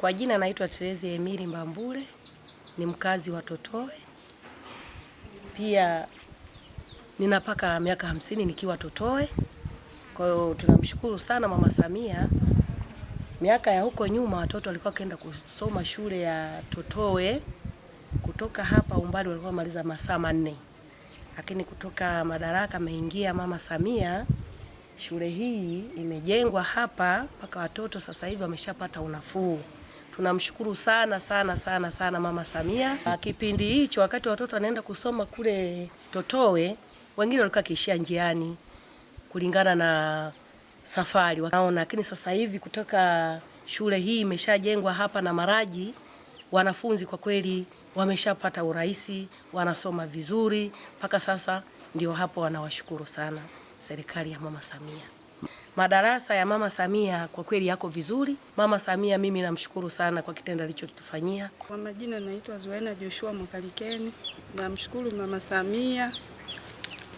Kwa jina naitwa Terezi Emili Mbambule, ni mkazi wa Totoe. Pia ninapaka miaka hamsini nikiwa Totoe. Kwa hiyo tunamshukuru sana Mama Samia. Miaka ya huko nyuma watoto walikuwa wakienda kusoma shule ya Totoe, kutoka hapa umbali walikuwa maliza masaa manne, lakini kutoka madaraka ameingia Mama Samia shule hii imejengwa hapa mpaka watoto sasa hivi wameshapata unafuu. Tunamshukuru sana sana sana sana Mama Samia. Kipindi hicho wakati watoto wanaenda kusoma kule Totowe, wengine walikuwa wakiishia njiani kulingana na safari wanaona, lakini sasa hivi kutoka shule hii imeshajengwa hapa na Maraji, wanafunzi kwa kweli wameshapata urahisi, wanasoma vizuri mpaka sasa. Ndio hapo wanawashukuru sana serikali ya Mama Samia. Madarasa ya Mama Samia kwa kweli yako vizuri. Mama Samia mimi namshukuru sana kwa kitendo alichotufanyia. Kwa majina naitwa Zuena Joshua Mwakalikeni. Namshukuru Mama Samia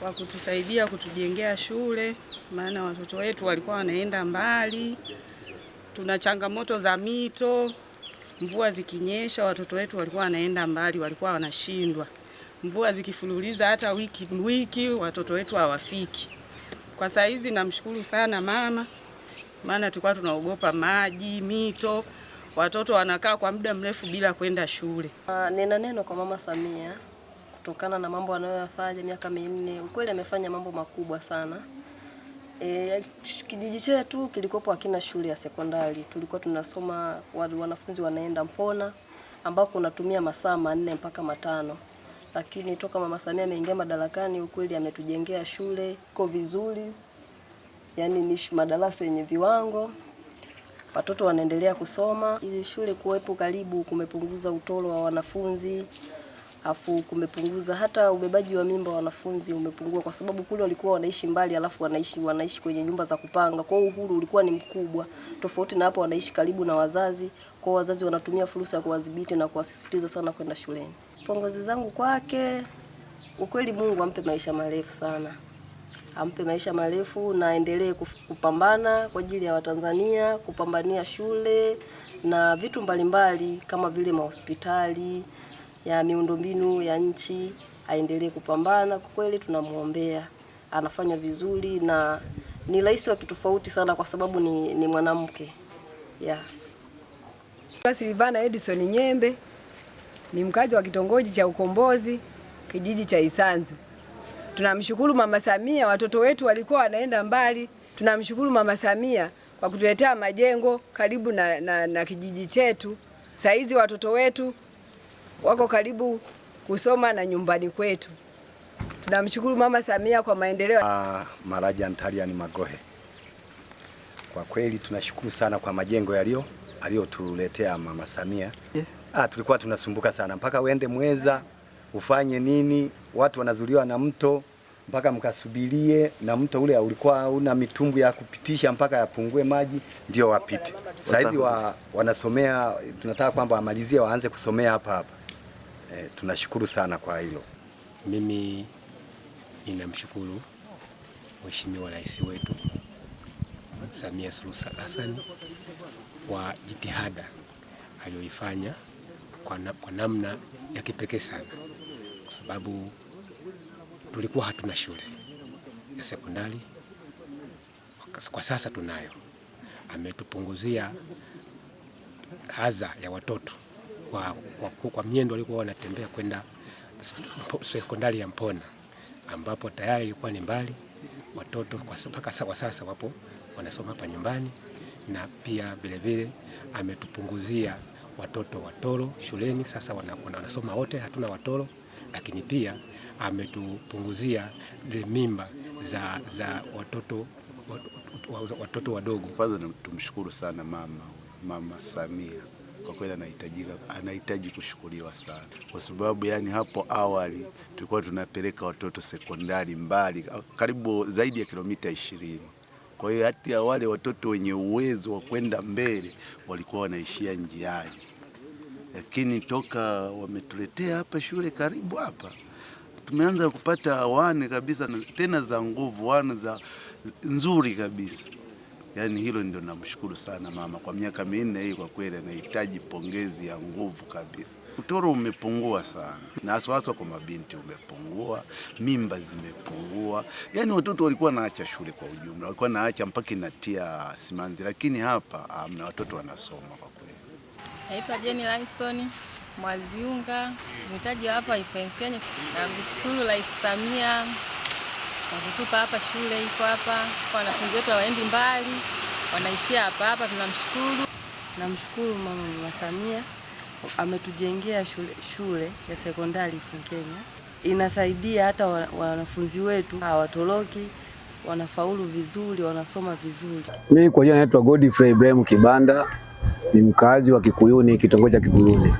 kwa kutusaidia kutujengea shule, maana watoto wetu walikuwa wanaenda mbali. Tuna changamoto za mito, mvua zikinyesha watoto wetu walikuwa wanaenda mbali, walikuwa wanashindwa. Mvua zikifululiza hata wiki wiki, watoto wetu hawafiki kwa saa hizi namshukuru sana mama, maana tulikuwa tunaogopa maji, mito, watoto wanakaa kwa muda mrefu bila kwenda shule. Uh, nina neno kwa mama Samia kutokana na mambo anayoyafanya miaka minne, ukweli amefanya mambo makubwa sana. E, kijiji chetu kilikopo hakina shule ya sekondari, tulikuwa tunasoma wanafunzi wanaenda Mpona ambako unatumia masaa manne mpaka matano lakini toka Mama Samia ameingia madarakani, ukweli ametujengea shule iko vizuri, yani ni madarasa yenye viwango, watoto wanaendelea kusoma. Ili shule kuwepo karibu kumepunguza utoro wa wanafunzi, afu kumepunguza hata ubebaji wa mimba wa wanafunzi umepungua, kwa sababu kule walikuwa wanaishi mbali, alafu wanaishi wanaishi kwenye nyumba za kupanga, kwa hiyo uhuru ulikuwa ni mkubwa, tofauti na hapo wanaishi karibu na wazazi, kwa wazazi wanatumia fursa ya kuwadhibiti na kuwasisitiza sana kwenda shuleni pongozi zangu kwake. Ukweli, Mungu ampe maisha marefu sana, ampe maisha marefu na aendelee kupambana kwa ajili ya Watanzania, kupambania shule na vitu mbalimbali kama vile mahospitali ya miundombinu ya nchi, aendelee kupambana. Kwa kweli tunamwombea, anafanya vizuri na ni rais wa kitofauti sana kwa sababu ni, ni mwanamke yeah. Silvana Edison Nyembe ni mkazi wa kitongoji cha Ukombozi, kijiji cha Isanzu. Tunamshukuru Mama Samia, watoto wetu walikuwa wanaenda mbali. Tunamshukuru Mama Samia kwa kutuletea majengo karibu na, na, na kijiji chetu. Saizi watoto wetu wako karibu kusoma na nyumbani kwetu. Tunamshukuru Mama Samia kwa maendeleo. Ah, Maraja Antaliani Magohe, kwa kweli tunashukuru sana kwa majengo yaliyo aliyotuletea Mama Samia yeah ah, tulikuwa tunasumbuka sana mpaka uende Mweza ufanye nini, watu wanazuliwa na mto mpaka mkasubirie, na mto ule ulikuwa una mitumbu ya kupitisha mpaka yapungue maji ndio wapite. Saizi wa, wanasomea tunataka kwamba wamalizie waanze kusomea hapa hapa. E, tunashukuru sana kwa hilo. Mimi ninamshukuru Mheshimiwa Rais wetu Samia Suluhu Hassan kwa jitihada aliyoifanya kwa, na, kwa namna ya kipekee sana, kwa sababu tulikuwa hatuna shule ya sekondari, kwa sasa tunayo. Ametupunguzia adha ya watoto kwa, kwa, kwa, kwa miendo walikuwa wanatembea kwenda sekondari ya Mpona ambapo tayari ilikuwa ni mbali. Watoto mpaka sasa wapo wanasoma hapa nyumbani, na pia vilevile ametupunguzia watoto watoro shuleni. Sasa wanasoma wote, hatuna watoro, lakini pia ametupunguzia ile mimba za, za watoto watoto wadogo. Kwanza tumshukuru sana mama mama Samia kwa kweli anahitajika, anahitaji kushukuriwa sana kwa sababu yani, hapo awali tulikuwa tunapeleka watoto sekondari mbali karibu zaidi ya kilomita ishirini. Kwa hiyo hata wale watoto wenye uwezo wa kwenda mbele walikuwa wanaishia njiani lakini toka wametuletea hapa shule karibu hapa tumeanza kupata wane kabisa tena za nguvu, awani za nzuri kabisa. Yaani hilo ndio namshukuru sana mama kwa miaka minne hii, kwa kweli anahitaji pongezi ya nguvu kabisa. Utoro umepungua sana, na haswahaswa kwa mabinti umepungua, mimba zimepungua. Yaani watoto walikuwa naacha shule kwa ujumla, walikuwa naacha mpaka inatia simanzi, lakini hapa na watoto wanasoma. Naitwa Jenny Laison Mwaziunga, mhitaji wa hapa Ifwenkene. Namshukuru Rais Samia kwa kutupa hapa, shule iko hapa kwa wanafunzi wetu, hawaendi mbali, wanaishia hapa hapa, tunamshukuru. Namshukuru Mama Samia ametujengea shule, shule ya sekondari Ifwenkene, inasaidia hata wanafunzi wetu hawatoroki wanafaulu vizuri, wanasoma vizuri. Mimi kwa jina naitwa Godfrey Ibrahim Kibanda ni mkazi wa Kikuyuni, kitongoji cha Kikuyuni.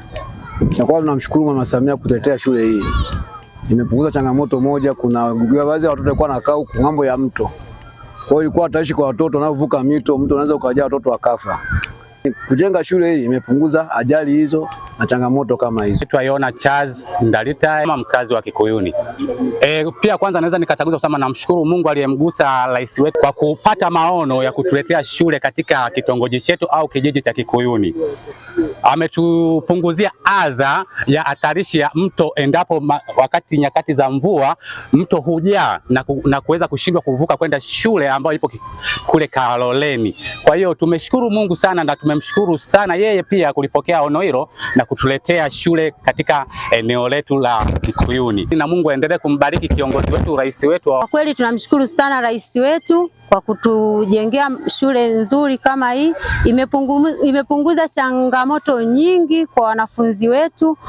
Cha kwanza tunamshukuru Mama Samia kutetea shule hii, imepunguza changamoto moja. Kuna baadhi ya watoto walikuwa wanakaa huko ng'ambo ya mto, kwa hiyo ilikuwa hataishi kwa watoto wanaovuka mito, mtu anaweza ukajaa watoto wakafa. Kujenga shule hii imepunguza ajali hizo na changamoto kama hizo. Yona Charles Ndalita kama mkazi wa Kikuyuni. E, pia kwanza naweza nikataguza kusema namshukuru Mungu aliyemgusa rais wetu kwa kupata maono ya kutuletea shule katika kitongoji chetu au kijiji cha Kikuyuni ametupunguzia adha ya hatarishi ya mto endapo ma, wakati nyakati za mvua mto hujaa na, ku, na kuweza kushindwa kuvuka kwenda shule ambayo ipo kule Kaloleni. Kwa hiyo tumeshukuru Mungu sana na tumemshukuru sana yeye pia kulipokea ono hilo na kutuletea shule katika eneo letu la Kikuyuni, na Mungu aendelee kumbariki kiongozi wetu, rais wetu. Kwa kweli tunamshukuru sana rais wetu kwa kutujengea shule nzuri kama hii, imepunguza changamoto nyingi kwa wanafunzi wetu